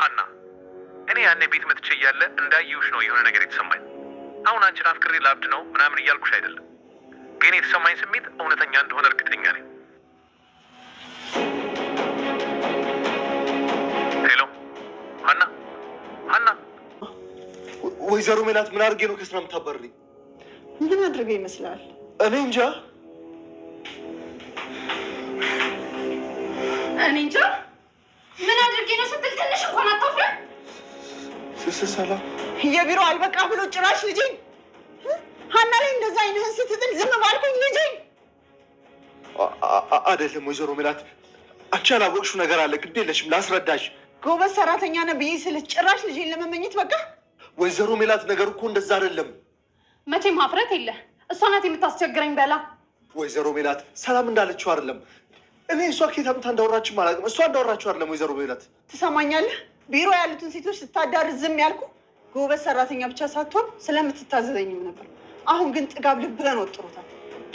ሀና እኔ ያኔ ቤት መጥቼ እያለ እንዳየሁሽ ነው የሆነ ነገር የተሰማኝ። አሁን አንቺን አፍቅሬ ላብድ ነው ምናምን እያልኩሽ አይደለም፣ ግን የተሰማኝ ስሜት እውነተኛ እንደሆነ እርግጠኛ ነኝ። ሄሎ ሀና፣ ሀና። ወይዘሮ ሜላት ምን አድርጌ ነው ከስራ የምታባርሪኝ? ምን አድርገ ይመስላል? እኔ እንጃ፣ እኔ እንጃ ስትል ትንሽ እንኳን አታፍርም? ሰላም የቢሮ አልበቃ ብሎ ጭራሽ ልጄን ሀና ላይ እንደዛ አይነህን ስትጥል ዝም ባልኩኝ ልጄን አይደለም ወይዘሮ ሜላት አንቺ ያላወቅሽው ነገር አለ። ግድ የለሽም ላስረዳሽ። ጎበዝ ሰራተኛ ነህ ብዬ ስልህ ጭራሽ ልጄን ለመመኘት በቃ። ወይዘሮ ሜላት ነገር እኮ እንደዛ አይደለም። መቼም ማፍረት የለ እሷ ናት የምታስቸግረኝ በላ። ወይዘሮ ሜላት ሰላም እንዳለችው አይደለም እኔ እሷ ከየት አምጥታ እንዳወራችሁ አላውቅም። እሷ እንዳወራችሁ አይደለም ወይዘሮ ቤላት። ትሰማኛለህ? ቢሮ ያሉትን ሴቶች ስታዳር ዝም ያልኩ ጎበዝ ሰራተኛ ብቻ ሳትሆን ስለምትታዘዘኝም ነበር። አሁን ግን ጥጋብ ልብህን ወጥሮታል።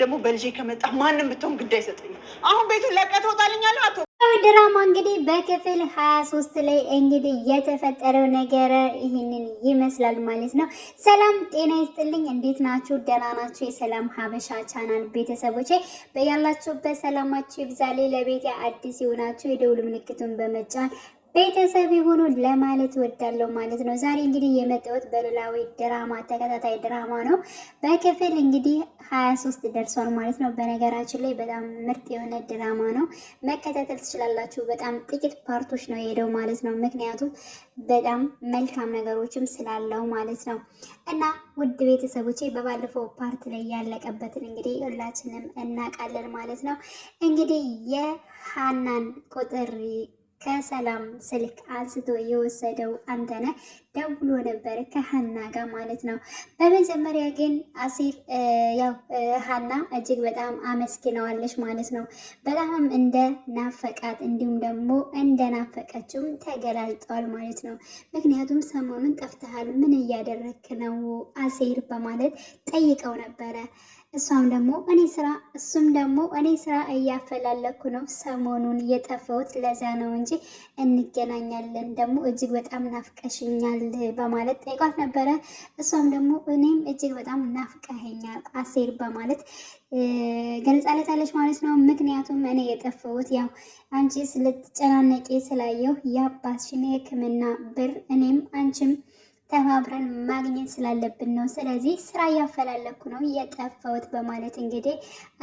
ደግሞ በልጄ ከመጣ ማንም ብትሆን ግድ አይሰጠኝም። አሁን ቤቱን ለቀህ ትወጣልኛለህ። ድራማ እንግዲህ በክፍል 23 ላይ እንግዲህ የተፈጠረው ነገር ይህንን ይመስላል ማለት ነው። ሰላም ጤና ይስጥልኝ። እንዴት ናችሁ? ደህና ናችሁ? የሰላም ሀበሻ ቻናል ቤተሰቦቼ በያላችሁበት ሰላማችሁ ይብዛሌ። ለቤት አዲስ የሆናችሁ የደውል ምልክቱን በመጫን ቤተሰብ የሆኑ ለማለት ወዳለው ማለት ነው። ዛሬ እንግዲህ የመጣሁት በኖላዊ ድራማ ተከታታይ ድራማ ነው። በክፍል እንግዲህ ሀያ ሶስት ደርሷል ማለት ነው። በነገራችን ላይ በጣም ምርጥ የሆነ ድራማ ነው። መከታተል ትችላላችሁ። በጣም ጥቂት ፓርቶች ነው የሄደው ማለት ነው። ምክንያቱም በጣም መልካም ነገሮችም ስላለው ማለት ነው። እና ውድ ቤተሰቦቼ በባለፈው ፓርት ላይ ያለቀበትን እንግዲህ ሁላችንም እናውቃለን ማለት ነው። እንግዲህ የሀናን ቁጥር ከሰላም ስልክ አንስቶ የወሰደው አንተነ ደውሎ ነበር ከሀና ጋር ማለት ነው። በመጀመሪያ ግን አሲር ያው ሀና እጅግ በጣም አመስግነዋለች ማለት ነው። በጣም እንደ ናፈቃት እንዲሁም ደግሞ እንደ ናፈቀችውም ተገላልጠዋል ማለት ነው። ምክንያቱም ሰሞኑን ጠፍተሃል፣ ምን እያደረክ ነው አሲር በማለት ጠይቀው ነበረ። እሷም ደግሞ እኔ ስራ እሱም ደግሞ እኔ ስራ እያፈላለኩ ነው ሰሞኑን የጠፋሁት ለዛ ነው እንጂ እንገናኛለን፣ ደግሞ እጅግ በጣም ናፍቀሽኛል በማለት ጠይቋት ነበረ። እሷም ደግሞ እኔም እጅግ በጣም ናፍቀኸኛል አሴር በማለት ገልጻለታለች ማለት ነው። ምክንያቱም እኔ የጠፋሁት ያው አንቺ ስለተጨናነቂ ስላየሁ የአባትሽን የህክምና ብር እኔም አንቺም ተባብረን ማግኘት ስላለብን ነው። ስለዚህ ስራ እያፈላለኩ ነው እየጠፋሁት በማለት እንግዲህ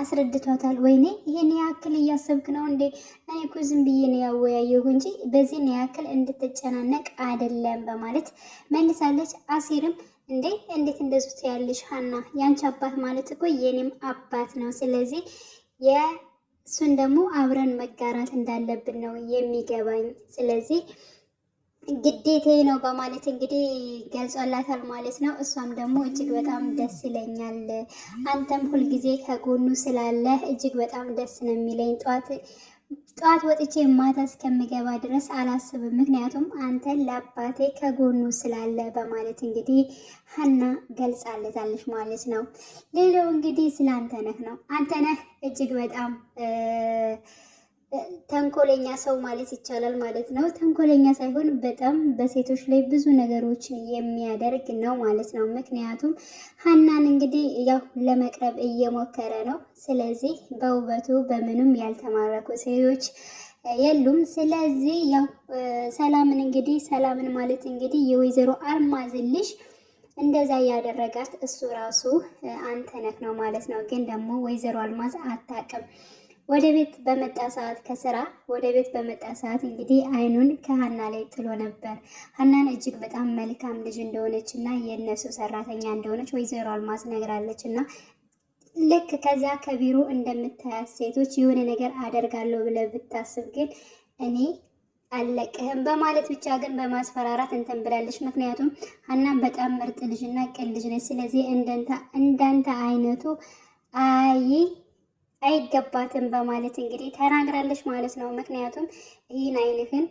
አስረድቷታል። ወይኔ ይህን ያክል እያሰብክ ነው እንዴ? እኔ እኮ ዝም ብዬ ነው ያወያየሁ እንጂ በዚህን ያክል እንድትጨናነቅ አይደለም በማለት መልሳለች። አሲርም እንዴ እንዴት እንደዚህ ትያለሽ ሀና? ያንቺ አባት ማለት እኮ የኔም አባት ነው። ስለዚህ የእሱን ደግሞ አብረን መጋራት እንዳለብን ነው የሚገባኝ። ስለዚህ ግዴቴ ነው በማለት እንግዲህ ገልጿላታል ማለት ነው። እሷም ደግሞ እጅግ በጣም ደስ ይለኛል፣ አንተም ሁልጊዜ ከጎኑ ስላለ እጅግ በጣም ደስ ነው የሚለኝ። ጠዋት ጠዋት ወጥቼ ማታ እስከምገባ ድረስ አላስብም፣ ምክንያቱም አንተን ለአባቴ ከጎኑ ስላለ በማለት እንግዲህ ሀና ገልጻለታለች ማለት ነው። ሌላው እንግዲህ ስለ አንተነህ ነው። አንተነህ እጅግ በጣም ተንኮለኛ ሰው ማለት ይቻላል ማለት ነው። ተንኮለኛ ሳይሆን በጣም በሴቶች ላይ ብዙ ነገሮች የሚያደርግ ነው ማለት ነው። ምክንያቱም ሀናን እንግዲህ ያው ለመቅረብ እየሞከረ ነው። ስለዚህ በውበቱ በምንም ያልተማረኩ ሴቶች የሉም። ስለዚህ ያው ሰላምን እንግዲህ ሰላምን ማለት እንግዲህ የወይዘሮ አልማዝን እንደዛ ያደረጋት እሱ ራሱ አንተነት ነው ማለት ነው። ግን ደግሞ ወይዘሮ አልማዝ አታውቅም ወደ ቤት በመጣ ሰዓት ከስራ ወደ ቤት በመጣ ሰዓት እንግዲህ አይኑን ከሀና ላይ ጥሎ ነበር። ሀናን እጅግ በጣም መልካም ልጅ እንደሆነች እና የእነሱ ሰራተኛ እንደሆነች ወይዘሮ አልማዝ ነግራለች እና ልክ ከዚያ ከቢሮ እንደምታያት ሴቶች የሆነ ነገር አደርጋለሁ ብለህ ብታስብ ግን እኔ አለቅህም በማለት ብቻ ግን በማስፈራራት እንትን ብላለች። ምክንያቱም ሀና በጣም ምርጥ ልጅና ቅን ልጅ ነች። ስለዚህ እንዳንተ አይነቱ አይ አይገባትም በማለት እንግዲህ ተናግራለች ማለት ነው። ምክንያቱም ይህን አይንህን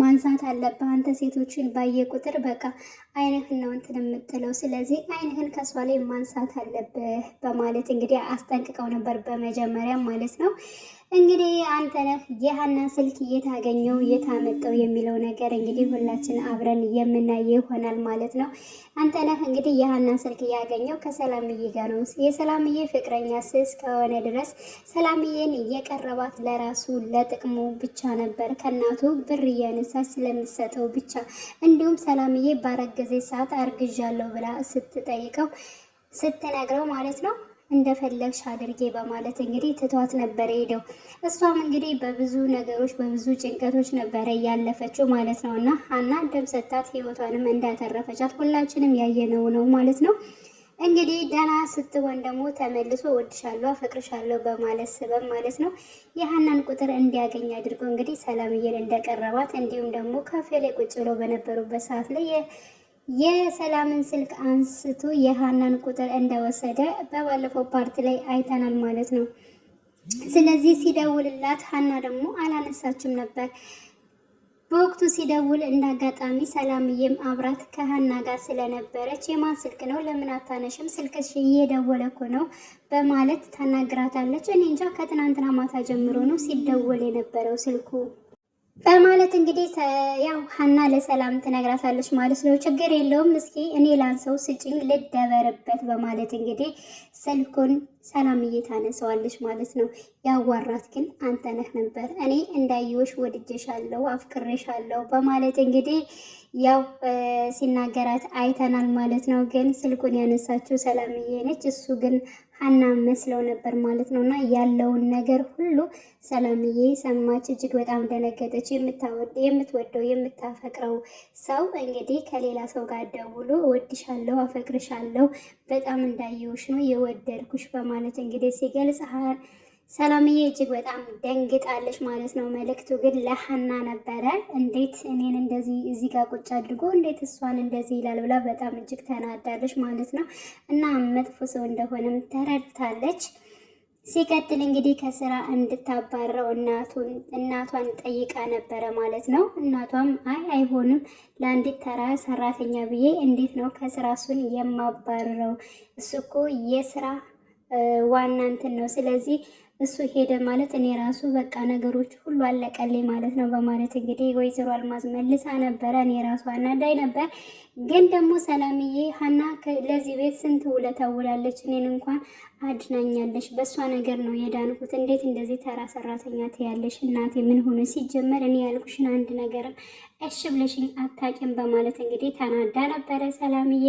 ማንሳት አለብህ አንተ ሴቶችን ባየ ቁጥር በቃ አይንህን ነው እንትን የምትለው፣ ስለዚህ አይንህን ከሷ ላይ ማንሳት አለብህ በማለት እንግዲህ አስጠንቅቀው ነበር በመጀመሪያ ማለት ነው። እንግዲህ አንተነህ የሀና ስልክ እየታገኘው እየታመጠው የሚለው ነገር እንግዲህ ሁላችን አብረን የምናየ ይሆናል ማለት ነው። አንተነህ እንግዲህ የሀና ስልክ እያገኘው ከሰላምዬ ጋር ነው። የሰላምዬ ፍቅረኛ ከሆነ ድረስ ሰላምዬን የቀረባት ለራሱ ለጥቅሙ ብቻ ነበር። ከእናቱ ብር እያነሳ ስለምሰጠው ብቻ እንዲሁም ሰላምዬ ባረገ ባረገዘች ሰዓት አርግዣለሁ ብላ ስትጠይቀው ስትነግረው ማለት ነው እንደፈለግሽ አድርጌ በማለት እንግዲህ ትቷት ነበረ ሄደው። እሷም እንግዲህ በብዙ ነገሮች በብዙ ጭንቀቶች ነበረ ያለፈችው ማለት ነው እና ሀና ደም ሰጣት ህይወቷንም እንዳተረፈቻት ሁላችንም ያየነው ነው ማለት ነው። እንግዲህ ደህና ስትሆን ደግሞ ተመልሶ ወድሻለሁ፣ አፈቅርሻለሁ በማለት ስበብ ማለት ነው የሀናን ቁጥር እንዲያገኝ አድርገው እንግዲህ ሰላምዬን እንደቀረባት እንዲሁም ደግሞ ካፌ ላይ ቁጭ ብለው በነበሩበት ሰዓት ላይ የሰላምን ስልክ አንስቶ የሀናን ቁጥር እንደወሰደ በባለፈው ፓርቲ ላይ አይተናል ማለት ነው። ስለዚህ ሲደውልላት ሀና ደግሞ አላነሳችም ነበር። በወቅቱ ሲደውል እንዳጋጣሚ ሰላምዬም አብራት ከሀና ጋር ስለነበረች የማን ስልክ ነው? ለምን አታነሽም? ስልክሽ እየደወለ እኮ ነው በማለት ተናግራታለች። እኔ እንጃ ከትናንትና ማታ ጀምሮ ነው ሲደወል የነበረው ስልኩ በማለት እንግዲህ ያው ሀና ለሰላም ትነግራታለች ማለት ነው። ችግር የለውም እስኪ እኔ ላንሰው ስጭኝ ልደበርበት በማለት እንግዲህ ስልኩን ሰላምዬ ታነሳዋለች ማለት ነው። ያዋራት ግን አንተ ነህ ነበር እኔ እንዳየሁሽ ወድጄሻለሁ፣ አፍቅሬሻለሁ በማለት እንግዲህ ያው ሲናገራት አይተናል ማለት ነው። ግን ስልኩን ያነሳችው ሰላምዬ ነች። እሱ ግን ሀና መስለው ነበር ማለት ነው። እና ያለውን ነገር ሁሉ ሰላምዬ ሰማች። እጅግ በጣም ደነገጠች። የምትወደው የምታፈቅረው ሰው እንግዲህ ከሌላ ሰው ጋር ደውሎ እወድሻለሁ፣ አፈቅርሻለሁ፣ በጣም እንዳየውሽ ነው የወደድኩሽ በማለት እንግዲህ ሲገልጽ ሰላምዬ እጅግ በጣም ደንግጣለች ማለት ነው። መልእክቱ ግን ለሀና ነበረ። እንዴት እኔን እንደዚህ እዚህ ጋር ቁጭ አድርጎ እንዴት እሷን እንደዚህ ይላል ብላ በጣም እጅግ ተናዳለች ማለት ነው። እና መጥፎ ሰው እንደሆነም ተረድታለች። ሲቀጥል እንግዲህ ከስራ እንድታባረው እናቱን እናቷን ጠይቃ ነበረ ማለት ነው። እናቷም አይ አይሆንም፣ ለአንዲት ተራ ሰራተኛ ብዬ እንዴት ነው ከስራ እሱን የማባረረው? እሱ እኮ የስራ ዋና እንትን ነው። ስለዚህ እሱ ሄደ ማለት እኔ ራሱ በቃ ነገሮች ሁሉ አለቀልኝ ማለት ነው በማለት እንግዲህ ወይዘሮ አልማዝ መልሳ ነበረ። እኔ ራሱ አናዳይ ነበር፣ ግን ደግሞ ሰላምዬ ሀና ለዚህ ቤት ስንት ውለታ ውላለች። እኔን እንኳን አድናኛለች በእሷ ነገር ነው የዳንኩት። እንዴት እንደዚህ ተራ ሰራተኛ ትያለሽ? እናቴ ምን ሆነ? ሲጀመር እኔ ያልኩሽን አንድ ነገርም እሺ ብለሽኝ አታውቂም በማለት እንግዲህ ተናዳ ነበረ ሰላምዬ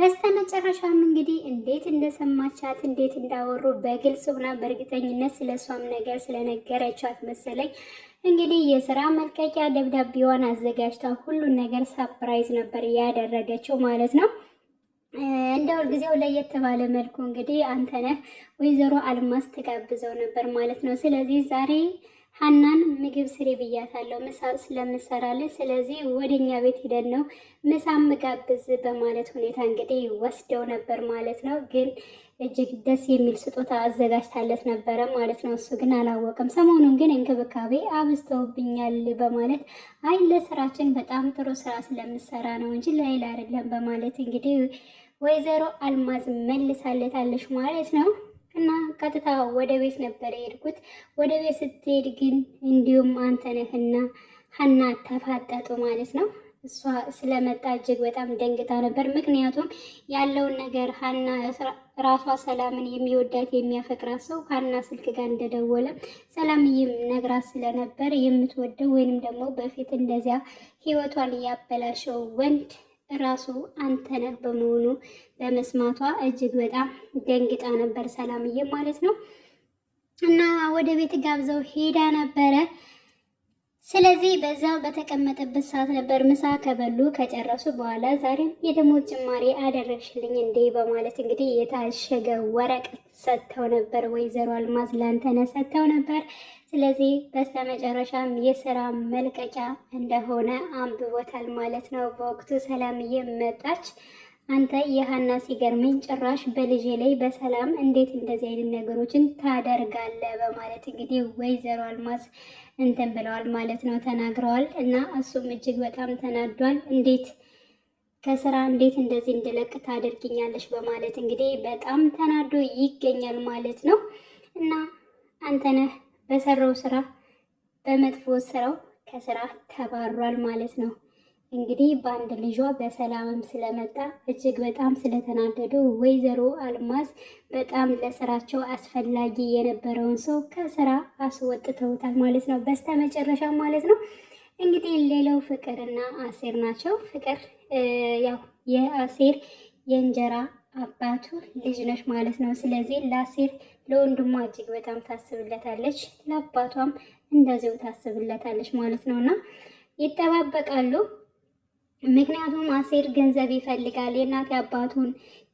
በስተመጨረሻም እንግዲህ እንዴት እንደሰማቻት እንዴት እንዳወሩ በግልጽ ሆና በእርግጠኝነት ስለ እሷም ነገር ስለነገረቻት መሰለኝ እንግዲህ የስራ መልቀቂያ ደብዳቤዋን አዘጋጅታ ሁሉን ነገር ሳፕራይዝ ነበር ያደረገችው ማለት ነው። እንደ ሁልጊዜው ለየት ባለ መልኩ እንግዲህ አንተነህ ወይዘሮ አልማስ ተጋብዘው ነበር ማለት ነው። ስለዚህ ዛሬ ሀናን ምግብ ስሪ ብያታለሁ፣ ምሳ ስለምሰራለን። ስለዚህ ወደኛ ቤት ሄደን ነው ምሳ ምጋብዝ በማለት ሁኔታ እንግዲህ ወስደው ነበር ማለት ነው። ግን እጅግ ደስ የሚል ስጦታ አዘጋጅታለት ነበረ ማለት ነው። እሱ ግን አላወቅም። ሰሞኑን ግን እንክብካቤ አብዝተውብኛል በማለት አይ ለስራችን በጣም ጥሩ ስራ ስለምሰራ ነው እንጂ ለሌላ አይደለም በማለት እንግዲህ ወይዘሮ አልማዝ መልሳለታለች ማለት ነው። እና ቀጥታ ወደ ቤት ነበር የሄድኩት። ወደ ቤት ስትሄድ ግን እንዲሁም አንተነህና ሀና ተፋጠጡ ማለት ነው። እሷ ስለመጣ እጅግ በጣም ደንግጣ ነበር። ምክንያቱም ያለውን ነገር ሀና ራሷ ሰላምን የሚወዳት የሚያፈቅራት ሰው ሀና ስልክ ጋር እንደደወለ ሰላምዬም ነግራት ስለነበር የምትወደው ወይንም ደግሞ በፊት እንደዚያ ህይወቷን እያበላሸው ወንድ ራሱ አንተ ነህ በመሆኑ በመስማቷ እጅግ በጣም ደንግጣ ነበር ሰላምዬ ማለት ነው። እና ወደ ቤት ጋብዘው ሄዳ ነበረ። ስለዚህ በዛ በተቀመጠበት ሰዓት ነበር ምሳ ከበሉ ከጨረሱ በኋላ ዛሬም የደሞዝ ጭማሪ አደረግሽልኝ እንዴ በማለት እንግዲህ የታሸገ ወረቀት ሰጥተው ነበር። ወይዘሮ አልማዝ ላንተነ ሰጥተው ነበር። ስለዚህ በስተመጨረሻም የስራ መልቀቂያ እንደሆነ አንብቦታል ማለት ነው። በወቅቱ ሰላምዬ መጣች። አንተ የሀና ሲገርመኝ ጭራሽ በልጄ ላይ በሰላም እንዴት እንደዚህ አይነት ነገሮችን ታደርጋለህ? በማለት እንግዲህ ወይዘሮ አልማዝ እንትን ብለዋል ማለት ነው ተናግረዋል። እና እሱም እጅግ በጣም ተናዷል። እንዴት ከስራ እንዴት እንደዚህ እንድለቅ ታደርግኛለች? በማለት እንግዲህ በጣም ተናዶ ይገኛል ማለት ነው። እና አንተ በሰራው ስራ በመጥፎ ስራው ከስራ ተባሯል ማለት ነው። እንግዲህ በአንድ ልጇ በሰላምም ስለመጣ እጅግ በጣም ስለተናደዱ ወይዘሮ አልማዝ በጣም ለስራቸው አስፈላጊ የነበረውን ሰው ከስራ አስወጥተውታል ማለት ነው። በስተመጨረሻ ማለት ነው እንግዲህ ሌላው ፍቅርና አሴር ናቸው። ፍቅር ያው የአሴር የእንጀራ አባቱ ልጅ ነች ማለት ነው። ስለዚህ ለአሴር ለወንድሟ እጅግ በጣም ታስብለታለች፣ ለአባቷም እንደዚሁ ታስብለታለች ማለት ነው እና ይጠባበቃሉ። ምክንያቱም አሴር ገንዘብ ይፈልጋል፣ የእናት አባቱን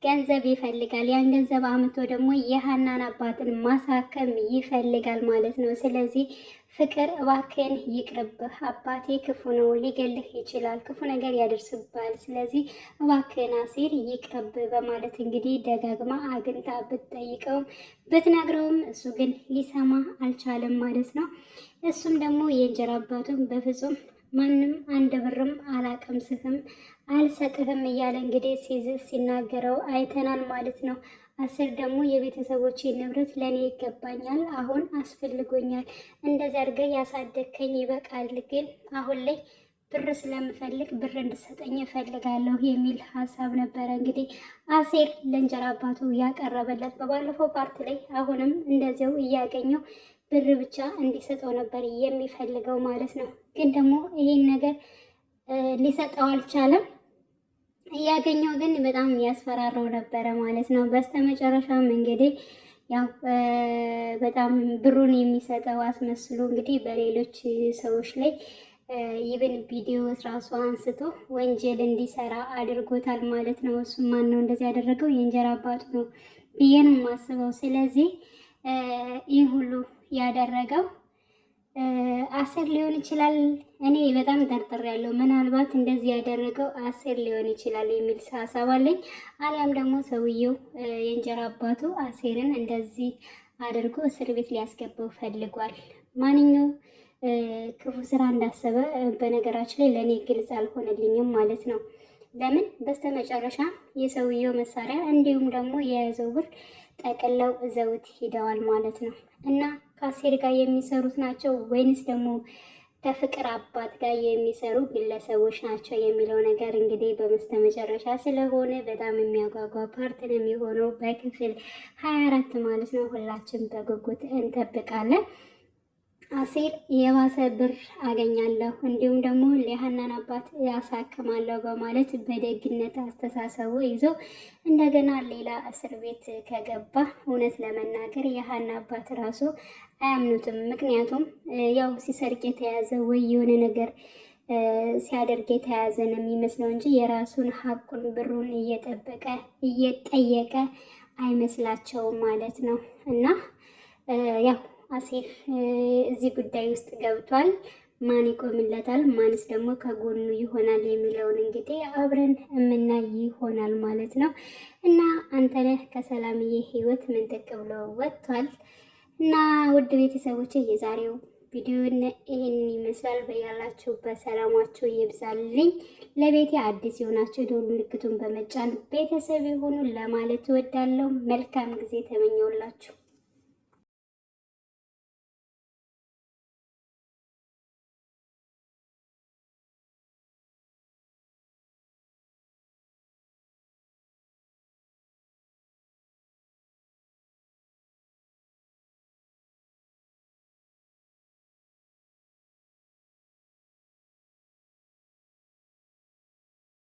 ገንዘብ ይፈልጋል። ያን ገንዘብ አምቶ ደግሞ የሀናን አባትን ማሳከም ይፈልጋል ማለት ነው። ስለዚህ ፍቅር እባክን ይቅርብህ፣ አባቴ ክፉ ነው፣ ሊገልህ ይችላል፣ ክፉ ነገር ያደርስብሃል። ስለዚህ እባክን አሴር ይቅርብ በማለት እንግዲህ ደጋግማ አግኝታ ብትጠይቀውም ብትነግረውም እሱ ግን ሊሰማ አልቻለም ማለት ነው። እሱም ደግሞ የእንጀራ አባቱን በፍጹም ማንም አንድ ብርም አላቀምስህም አልሰጥህም እያለ እንግዲህ ሲዝ ሲናገረው አይተናል ማለት ነው። አስር ደግሞ የቤተሰቦች ንብረት ለእኔ ይገባኛል፣ አሁን አስፈልጎኛል፣ እንደዚያ አድርገህ ያሳደግከኝ ይበቃል፣ ግን አሁን ላይ ብር ስለምፈልግ ብር እንድሰጠኝ እፈልጋለሁ የሚል ሀሳብ ነበረ እንግዲህ አሴር ለእንጀራ አባቱ ያቀረበለት በባለፈው ፓርት ላይ አሁንም እንደዚያው እያገኘው ብር ብቻ እንዲሰጠው ነበር የሚፈልገው ማለት ነው። ግን ደግሞ ይህን ነገር ሊሰጠው አልቻለም። እያገኘው ግን በጣም ያስፈራረው ነበረ ማለት ነው። በስተመጨረሻም እንግዲህ ያው በጣም ብሩን የሚሰጠው አስመስሎ እንግዲህ በሌሎች ሰዎች ላይ ይብን ቪዲዮ ራሱ አንስቶ ወንጀል እንዲሰራ አድርጎታል ማለት ነው። እሱም ማን ነው እንደዚህ ያደረገው? የእንጀራ አባቱ ነው ብዬ ነው የማስበው። ስለዚህ ይህ ሁሉ ያደረገው አስር ሊሆን ይችላል። እኔ በጣም ያለው ምናልባት እንደዚህ ያደረገው አስር ሊሆን ይችላል የሚል ሀሳብ አለኝ። አሊያም ደግሞ ሰውየው የእንጀራ አባቱ አሴርን እንደዚህ አድርጎ እስር ቤት ሊያስገባው ፈልጓል። ማንኛው ክፉ ስራ እንዳሰበ በነገራችን ላይ ለእኔ ግልጽ አልሆነልኝም ማለት ነው። ለምን በስተመጨረሻ የሰውየው መሳሪያ እንዲሁም ደግሞ የያዘው ብር ጠቅለው ዘውት ሂደዋል ማለት ነው። እና ከአሴር ጋር የሚሰሩት ናቸው ወይንስ ደግሞ ከፍቅር አባት ጋር የሚሰሩ ግለሰቦች ናቸው የሚለው ነገር እንግዲህ በመስተመጨረሻ ስለሆነ በጣም የሚያጓጓ ፓርት ነው የሚሆነው በክፍል ሀያ አራት ማለት ነው። ሁላችን በጉጉት እንጠብቃለን። አሴር የባሰ ብር አገኛለሁ እንዲሁም ደግሞ ለሀናን አባት ያሳክማለሁ በማለት በደግነት አስተሳሰቡ ይዞ እንደገና ሌላ እስር ቤት ከገባ እውነት ለመናገር የሀና አባት ራሱ አያምኑትም። ምክንያቱም ያው ሲሰርቅ የተያዘ ወይ የሆነ ነገር ሲያደርግ የተያዘ ነው የሚመስለው እንጂ የራሱን ሀቁን ብሩን እየጠበቀ እየጠየቀ አይመስላቸውም ማለት ነው እና ያው አሴፍ እዚህ ጉዳይ ውስጥ ገብቷል። ማን ይቆምለታል፣ ማንስ ደግሞ ከጎኑ ይሆናል የሚለውን እንግዲህ አብረን የምናይ ይሆናል ማለት ነው። እና አንተነህ ከሰላምዬ ህይወት ምንጥቅ ብሎ ወጥቷል። እና ውድ ቤተሰቦች የዛሬው ቪዲዮን ይህን ይመስላል። በያላችሁ በሰላማችሁ ይብዛልኝ። ለቤቴ አዲስ የሆናችሁ የደወል ምልክቱን በመጫን ቤተሰብ የሆኑ ለማለት እወዳለሁ። መልካም ጊዜ ተመኘውላችሁ።